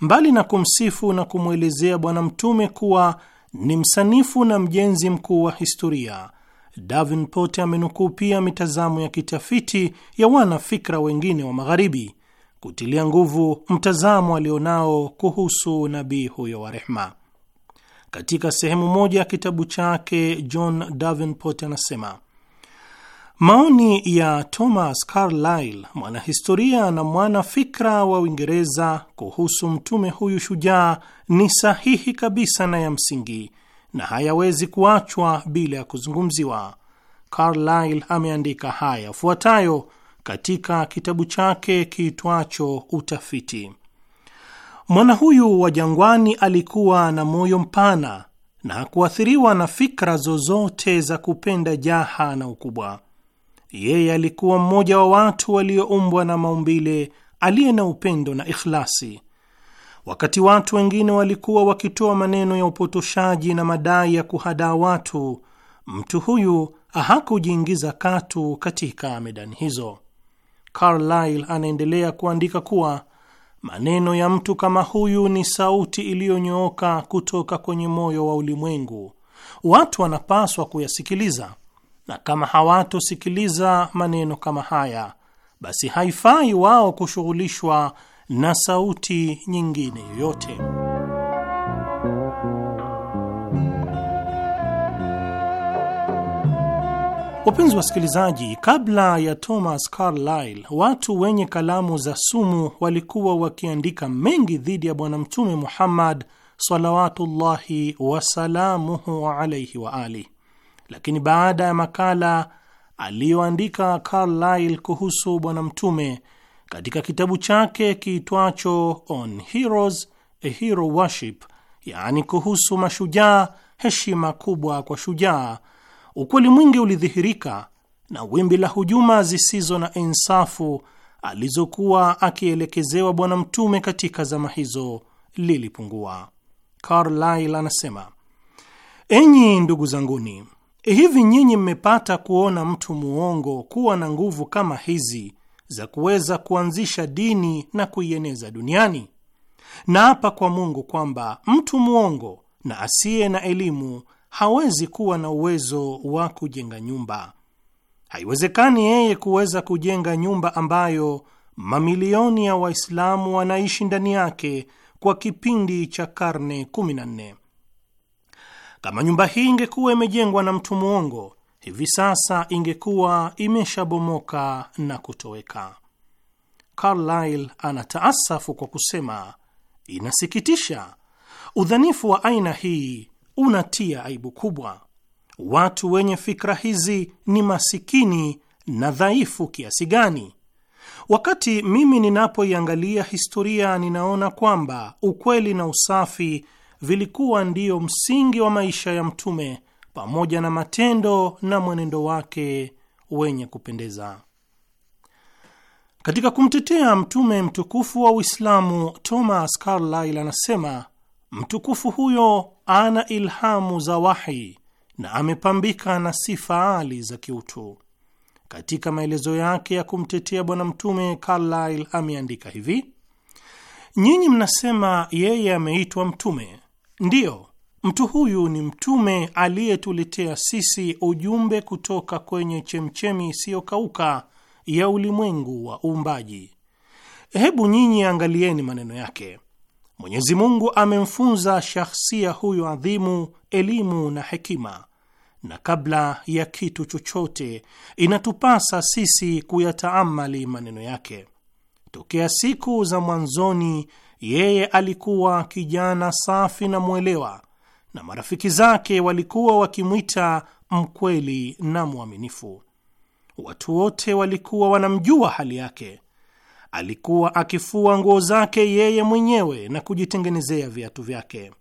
S4: mbali na kumsifu na kumwelezea Bwana Mtume kuwa ni msanifu na mjenzi mkuu wa historia, Davenport amenukuu pia mitazamo ya kitafiti ya wanafikra wengine wa Magharibi, kutilia nguvu mtazamo alionao kuhusu nabii huyo wa rehma. Katika sehemu moja ya kitabu chake John Davenport anasema maoni ya Thomas Carlyle, mwanahistoria na mwana fikra wa Uingereza, kuhusu mtume huyu shujaa ni sahihi kabisa na ya msingi na hayawezi kuachwa bila ya kuzungumziwa. Carlyle ameandika haya yafuatayo katika kitabu chake kiitwacho Utafiti. Mwana huyu wa jangwani alikuwa na moyo mpana na hakuathiriwa na fikra zozote za kupenda jaha na ukubwa. Yeye alikuwa mmoja wa watu walioumbwa na maumbile, aliye na upendo na ikhlasi. Wakati watu wengine walikuwa wakitoa maneno ya upotoshaji na madai ya kuhadaa watu, mtu huyu hakujiingiza katu katika medani hizo. Carlyle anaendelea kuandika kuwa Maneno ya mtu kama huyu ni sauti iliyonyooka kutoka kwenye moyo wa ulimwengu. Watu wanapaswa kuyasikiliza, na kama hawatosikiliza maneno kama haya, basi haifai wao kushughulishwa na sauti nyingine yoyote. Wapenzi wasikilizaji, kabla ya Thomas Carlyle watu wenye kalamu za sumu walikuwa wakiandika mengi dhidi ya Bwana Mtume Muhammad salawatullahi wasalamuhu alaihi wa ali, lakini baada ya makala aliyoandika Carlyle kuhusu Bwana Mtume katika kitabu chake kiitwacho On Heroes a Hero Worship, yaani kuhusu mashujaa, heshima kubwa kwa shujaa ukweli mwingi ulidhihirika na wimbi la hujuma zisizo na insafu alizokuwa akielekezewa Bwana Mtume katika zama hizo lilipungua. Carlyle anasema, enyi ndugu zanguni, hivi nyinyi mmepata kuona mtu muongo kuwa na nguvu kama hizi za kuweza kuanzisha dini na kuieneza duniani? Naapa kwa Mungu kwamba mtu muongo na asiye na elimu hawezi kuwa na uwezo wa kujenga nyumba. Haiwezekani yeye kuweza kujenga nyumba ambayo mamilioni ya Waislamu wanaishi ndani yake kwa kipindi cha karne 14. Kama nyumba hii ingekuwa imejengwa na mtu mwongo, hivi sasa ingekuwa imeshabomoka na kutoweka. Carlyle anataasafu kwa kusema, inasikitisha udhanifu wa aina hii unatia aibu kubwa. Watu wenye fikra hizi ni masikini na dhaifu kiasi gani? Wakati mimi ninapoiangalia historia, ninaona kwamba ukweli na usafi vilikuwa ndiyo msingi wa maisha ya Mtume pamoja na matendo na mwenendo wake wenye kupendeza. Katika kumtetea mtume mtukufu wa Uislamu, Thomas Carlyle anasema mtukufu huyo ana ilhamu za wahi na amepambika na sifa ali za kiutu. Katika maelezo yake ya kumtetea Bwana Mtume, Carlyle ameandika hivi: nyinyi mnasema yeye ameitwa mtume. Ndiyo, mtu huyu ni mtume aliyetuletea sisi ujumbe kutoka kwenye chemchemi isiyokauka ya ulimwengu wa uumbaji. Hebu nyinyi angalieni maneno yake Mwenyezi Mungu amemfunza shahsia huyo adhimu elimu na hekima, na kabla ya kitu chochote inatupasa sisi kuyataamali maneno yake. Tokea siku za mwanzoni, yeye alikuwa kijana safi na mwelewa, na marafiki zake walikuwa wakimwita mkweli na mwaminifu. Watu wote walikuwa wanamjua hali yake alikuwa akifua nguo zake yeye mwenyewe na kujitengenezea viatu vyake.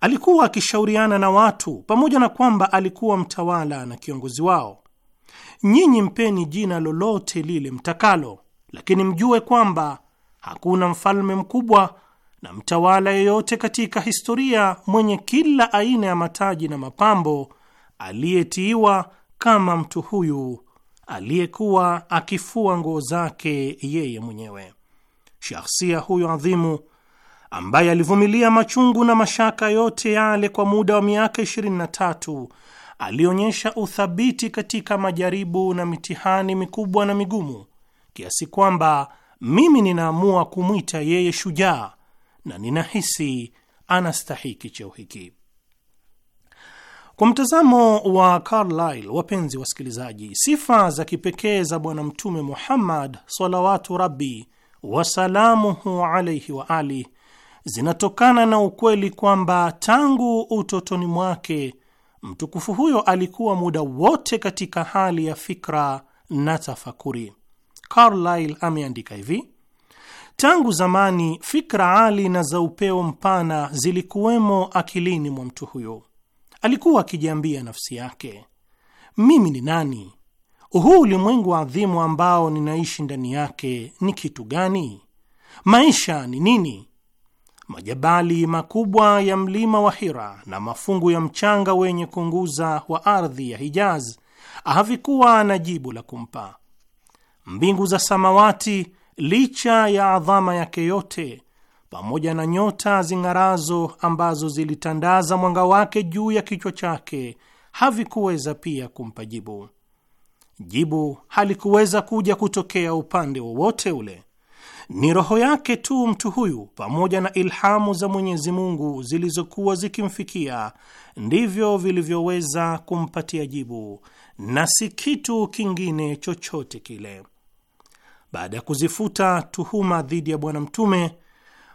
S4: Alikuwa akishauriana na watu, pamoja na kwamba alikuwa mtawala na kiongozi wao. Nyinyi mpeni jina lolote lile mtakalo, lakini mjue kwamba hakuna mfalme mkubwa na mtawala yeyote katika historia mwenye kila aina ya mataji na mapambo aliyetiiwa kama mtu huyu aliyekuwa akifua nguo zake yeye mwenyewe. Shahsia huyo adhimu ambaye alivumilia machungu na mashaka yote yale kwa muda wa miaka 23 alionyesha uthabiti katika majaribu na mitihani mikubwa na migumu kiasi kwamba mimi ninaamua kumwita yeye shujaa na ninahisi anastahiki cheo hiki. Kwa mtazamo wa Carlyle, wapenzi wasikilizaji, sifa za kipekee za Bwana Mtume Muhammad salawatu rabi wasalamuhu alaihi wa ali zinatokana na ukweli kwamba tangu utotoni mwake mtukufu huyo alikuwa muda wote katika hali ya fikra na tafakuri. Carlyle ameandika hivi: tangu zamani fikra ali na za upeo mpana zilikuwemo akilini mwa mtu huyo Alikuwa akijiambia nafsi yake, mimi ni nani? Huu ulimwengu adhimu ambao ninaishi ndani yake ni kitu gani? Maisha ni nini? Majabali makubwa ya mlima wa Hira na mafungu ya mchanga wenye kunguza wa ardhi ya Hijaz havikuwa na jibu la kumpa. Mbingu za samawati, licha ya adhama yake yote, pamoja na nyota zing'arazo ambazo zilitandaza mwanga wake juu ya kichwa chake havikuweza pia kumpa jibu. Jibu halikuweza kuja kutokea upande wowote ule. Ni roho yake tu mtu huyu pamoja na ilhamu za Mwenyezi Mungu zilizokuwa zikimfikia ndivyo vilivyoweza kumpatia jibu na si kitu kingine chochote kile. Baada ya kuzifuta tuhuma dhidi ya Bwana Mtume,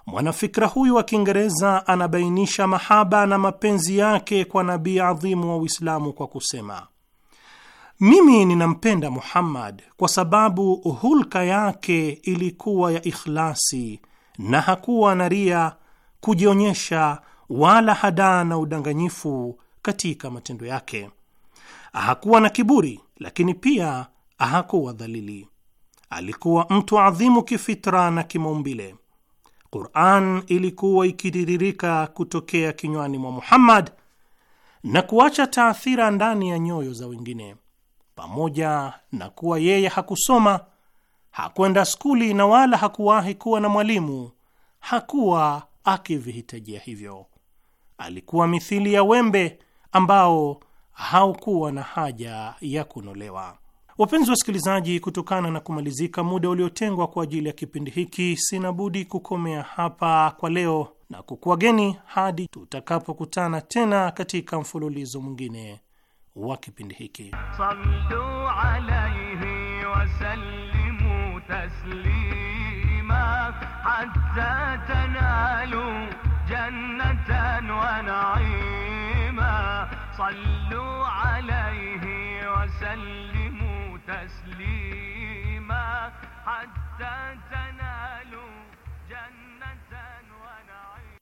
S4: Mwanafikra huyu wa Kiingereza anabainisha mahaba na mapenzi yake kwa nabii adhimu wa Uislamu kwa kusema, mimi ninampenda Muhammad kwa sababu hulka yake ilikuwa ya ikhlasi na hakuwa na ria, kujionyesha, wala hadaa na udanganyifu katika matendo yake. Hakuwa na kiburi, lakini pia hakuwa dhalili. Alikuwa mtu adhimu kifitra na kimaumbile. Quran ilikuwa ikitiririka kutokea kinywani mwa Muhammad na kuacha taathira ndani ya nyoyo za wengine. Pamoja na kuwa yeye hakusoma, hakwenda skuli na wala hakuwahi kuwa na mwalimu, hakuwa akivihitajia hivyo. Alikuwa mithili ya wembe ambao haukuwa na haja ya kunolewa. Wapenzi wasikilizaji, kutokana na kumalizika muda uliotengwa kwa ajili ya kipindi hiki, sina budi kukomea hapa kwa leo na kukuwageni hadi tutakapokutana tena katika mfululizo mwingine wa
S5: kipindi hiki. Sallu alayhi wa تسليما حتى تنالوا جنة ونعيم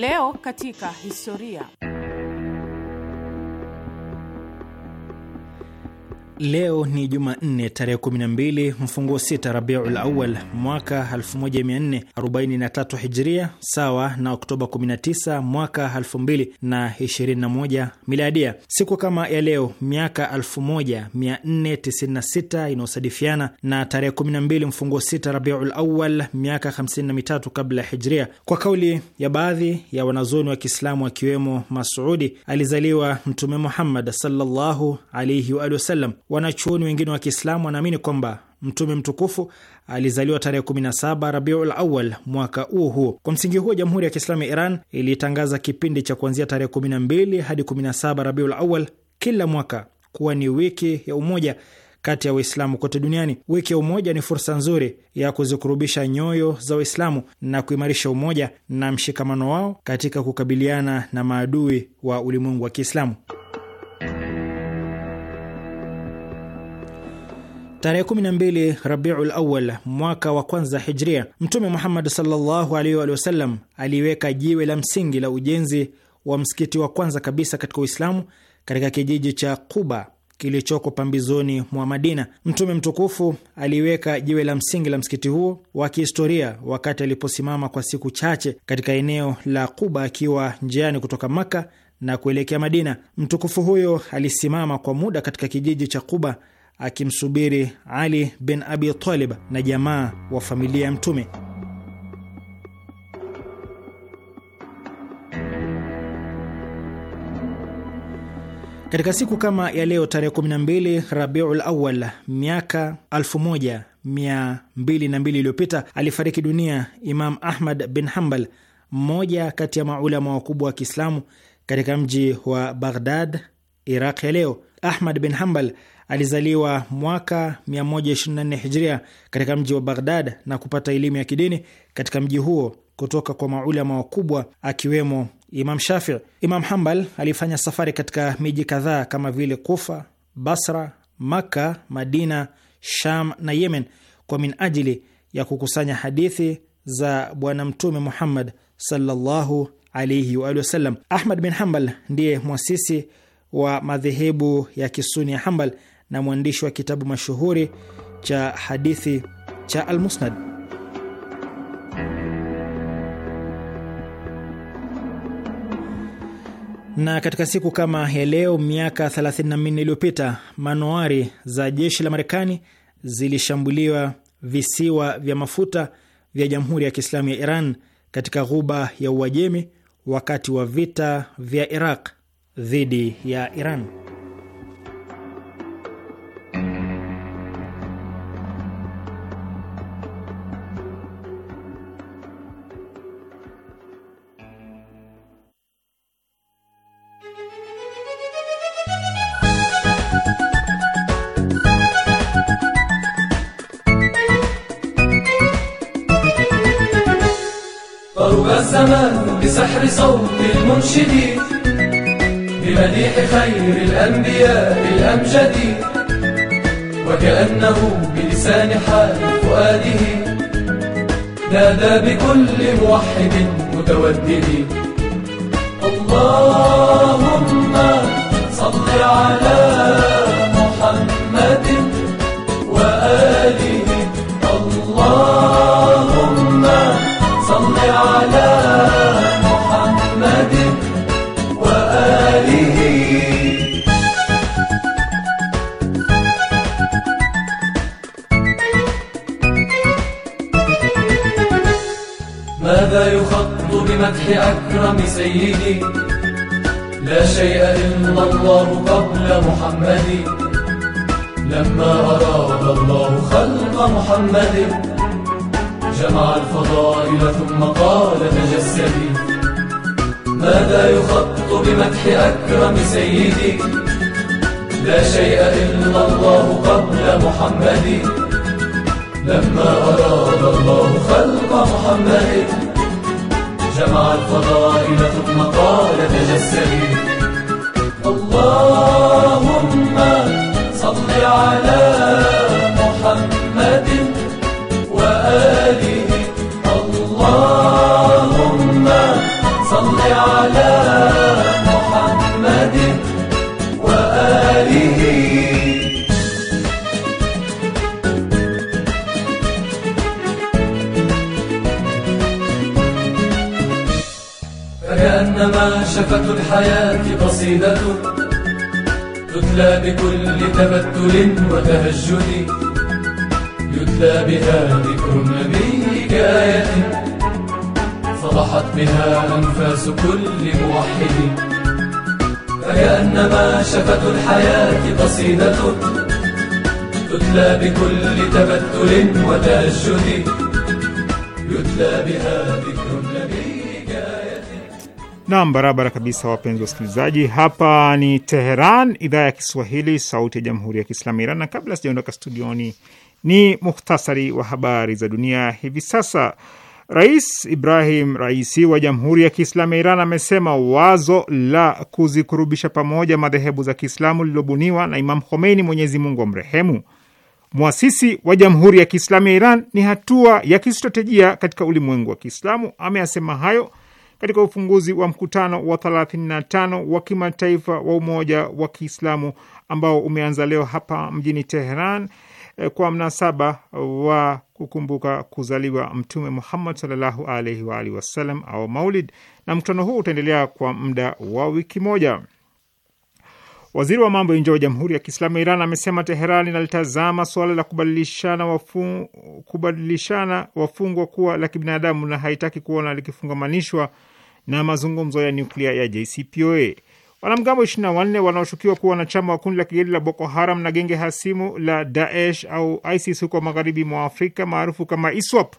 S5: Leo katika historia.
S6: Leo ni Jumanne tarehe 12 mfunguo 6 Rabiul Awal mwaka 1443 Hijria, sawa na Oktoba 19 mwaka 2021 Miladia. Siku kama ya leo miaka 1496 inayosadifiana na tarehe 12 mfunguo 6 Rabiul Awal miaka 53 kabla ya Hijria, kwa kauli ya baadhi ya wanazoni wa Kiislamu akiwemo Masudi, alizaliwa Mtume Muhammad sallallahu alaihi wa alihi wasallam. Wanachuoni wengine wa Kiislamu wanaamini kwamba Mtume mtukufu alizaliwa tarehe 17 Rabiul Awal mwaka huo huo. Kwa msingi huo, Jamhuri ya Kiislamu ya Iran ilitangaza kipindi cha kuanzia tarehe 12 hadi 17 Rabiul Awal kila mwaka kuwa ni wiki ya umoja kati ya Waislamu kote duniani. Wiki ya umoja ni fursa nzuri ya kuzikurubisha nyoyo za Waislamu na kuimarisha umoja na mshikamano wao katika kukabiliana na maadui wa ulimwengu wa Kiislamu. Tarehe 12 Rabiul Awal mwaka wa kwanza Hijria, Mtume Muhammad sallallahu alaihi wa sallam aliweka jiwe la msingi la ujenzi wa msikiti wa kwanza kabisa katika Uislamu katika kijiji cha Quba kilichoko pambizoni mwa Madina. Mtume mtukufu aliweka jiwe la msingi la msikiti huo wa kihistoria wakati aliposimama kwa siku chache katika eneo la Quba akiwa njiani kutoka Makka na kuelekea Madina. Mtukufu huyo alisimama kwa muda katika kijiji cha Quba akimsubiri Ali bin Abi Talib na jamaa wa familia ya Mtume. Katika siku kama ya leo tarehe 12 Rabiul Awal miaka 1202 iliyopita alifariki dunia Imam Ahmad bin hambal mmoja kati ya maulama wakubwa wa Kiislamu katika mji wa Baghdad, Iraq ya leo. Ahmad bin hambal Alizaliwa mwaka 124 hijria katika mji wa Baghdad na kupata elimu ya kidini katika mji huo kutoka kwa maulama wakubwa akiwemo Imam Shafii. Imam Hambal alifanya safari katika miji kadhaa kama vile Kufa, Basra, Makka, Madina, Sham na Yemen kwa ajili ya kukusanya hadithi za Bwana Mtume Muhammad sallallahu alaihi wa alihi wasallam. Ahmad bin Hambal ndiye mwasisi wa madhehebu ya kisuni ya Hambal na mwandishi wa kitabu mashuhuri cha hadithi cha Almusnad. Na katika siku kama ya leo miaka 34 iliyopita manowari za jeshi la Marekani zilishambuliwa visiwa vya mafuta vya Jamhuri ya Kiislamu ya Iran katika ghuba ya Uajemi wakati wa vita vya Iraq dhidi ya Iran.
S7: مرشدي بمديح خير الأنبياء الأمجد وكأنه بلسان حال فؤاده نادى بكل موحد متودد اللهم صل على الخط بمدح أكرم سيدي لا شيء إلا الله قبل محمد لما أراد الله خلق محمد جمع الفضائل ثم قال تجسدي ماذا يخط بمدح أكرم سيدي لا شيء إلا الله قبل محمد لما أراد الله خلق محمد جمع الفضائل ثم قال تجسدي اللهم صل على محمد وآله الحياة قصيدة تتلى بكل تبتل وتهجد يتلى بها ذكر النبي كآية فضحت بها أنفاس كل موحد فكأنما شفة الحياة قصيدة تتلى بكل
S8: تبتل وتهجد يتلى بها
S1: Nam, barabara kabisa, wapenzi wasikilizaji, hapa ni Teheran, idhaa ya Kiswahili, sauti ya jamhuri ya kiislamu Iran. Na kabla sijaondoka studioni, ni muhtasari wa habari za dunia hivi sasa. Rais Ibrahim Raisi wa Jamhuri ya Kiislamu ya Iran amesema wazo la kuzikurubisha pamoja madhehebu za Kiislamu lililobuniwa na Imam Khomeini, Mwenyezi Mungu amrehemu, mwasisi wa Jamhuri ya Kiislamu ya Iran, ni hatua ya kistratejia katika ulimwengu wa Kiislamu. Ameyasema hayo katika ufunguzi wa mkutano wa 35 wa kimataifa wa Umoja wa Kiislamu ambao umeanza leo hapa mjini Teheran eh, kwa mnasaba wa kukumbuka kuzaliwa Mtume Muhammad sallallahu alaihi wa alihi wasallam au Maulid, na mkutano huu utaendelea kwa muda wa wiki moja. Waziri wa mambo ya nje wa Jamhuri ya Kiislamu ya Iran amesema Teheran inalitazama suala la kubadilishana wafungwa, kubadilishana wafungwa kuwa la kibinadamu na haitaki kuona likifungamanishwa na mazungumzo ya nyuklia ya JCPOA. Wanamgambo 24 wanaoshukiwa kuwa wanachama wa kundi la kigaidi la Boko Haram na genge hasimu la Daesh au ISIS huko magharibi mwa Afrika maarufu kama ISWAP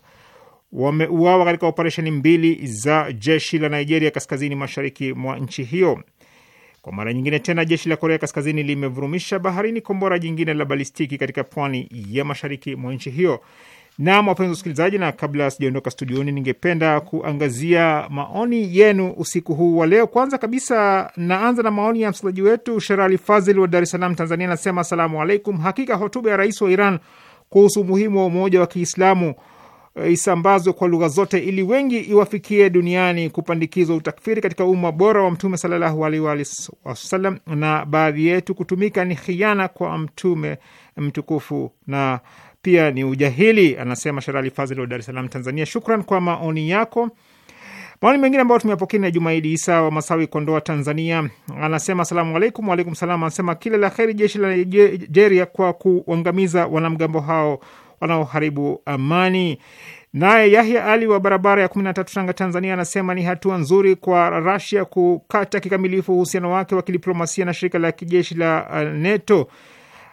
S1: wameuawa katika operesheni mbili za jeshi la Nigeria kaskazini mashariki mwa nchi hiyo. Kwa mara nyingine tena, jeshi la Korea Kaskazini limevurumisha baharini kombora jingine la balistiki katika pwani ya mashariki mwa nchi hiyo. Nam, wapenzi wasikilizaji, na kabla sijaondoka studioni, ningependa kuangazia maoni yenu usiku huu wa leo. Kwanza kabisa, naanza na maoni ya msikilizaji wetu Sherali Fazil wa Dar es Salaam, Tanzania. Anasema asalamu alaikum. Hakika hotuba ya rais wa Iran kuhusu umuhimu wa umoja wa Kiislamu Eh, isambazwe kwa lugha zote ili wengi iwafikie duniani, kupandikizwa utakfiri katika umma bora wa Mtume sallallahu alaihi wasallam na baadhi yetu kutumika ni khiana kwa Mtume mtukufu na pia ni ujahili, anasema Sherali Fazil wa Dar es Salaam, Tanzania. Shukran kwa maoni yako. Maoni mengine ambayo tumeyapokea na Jumaidi Isa wa Masawi, Kondoa, Tanzania, anasema asalamu alaikum. Waalaikum salam. Anasema kila la kheri jeshi la Nigeria kwa kuangamiza wanamgambo hao wanaoharibu amani. Naye Yahya Ali wa barabara ya 13 Tanga, Tanzania, anasema ni hatua nzuri kwa Rasia kukata kikamilifu uhusiano wake wa kidiplomasia na shirika la kijeshi la uh, NATO.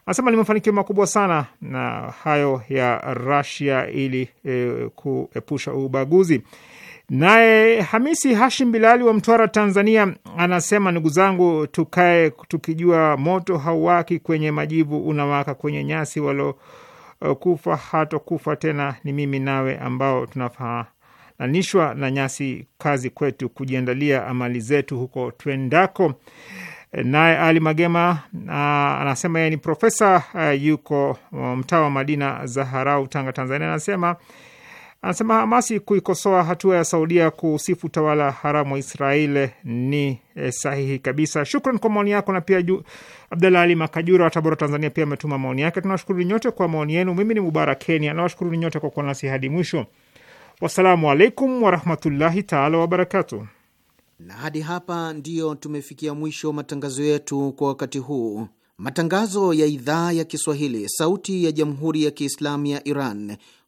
S1: Anasema ni mafanikio makubwa sana na hayo ya Rasia ili e, kuepusha ubaguzi. Naye Hamisi Hashim Bilali wa Mtwara, Tanzania, anasema ndugu zangu, tukae tukijua moto hauwaki kwenye majivu, unawaka kwenye nyasi walo Eh, kufa hatokufa tena ni mimi nawe, ambao tunafananishwa na nyasi kazi kwetu kujiandalia amali zetu huko twendako. Eh, naye Ali Magema anasema yeye ni profesa, eh, yuko um, mtaa wa Madina Zaharau, Tanga, Tanzania. Anasema Anasema Hamasi kuikosoa hatua ya Saudia kusifu utawala haramu wa Israel ni e, sahihi kabisa. Shukran kwa maoni yako. Na pia Abdallah Ali Makajura wa Tabora, Tanzania, pia ametuma maoni yake. Tunawashukuru nyote kwa maoni yenu. Mimi ni Mubarak Kenya, nawashukuru nyote kwa kuwa nasi hadi mwisho. Wassalamu alaikum warahmatullahi taala wabarakatu.
S9: Na hadi hapa ndiyo tumefikia mwisho matangazo yetu kwa wakati huu. Matangazo ya idhaa ya Kiswahili, Sauti ya Jamhuri ya Kiislamu ya Iran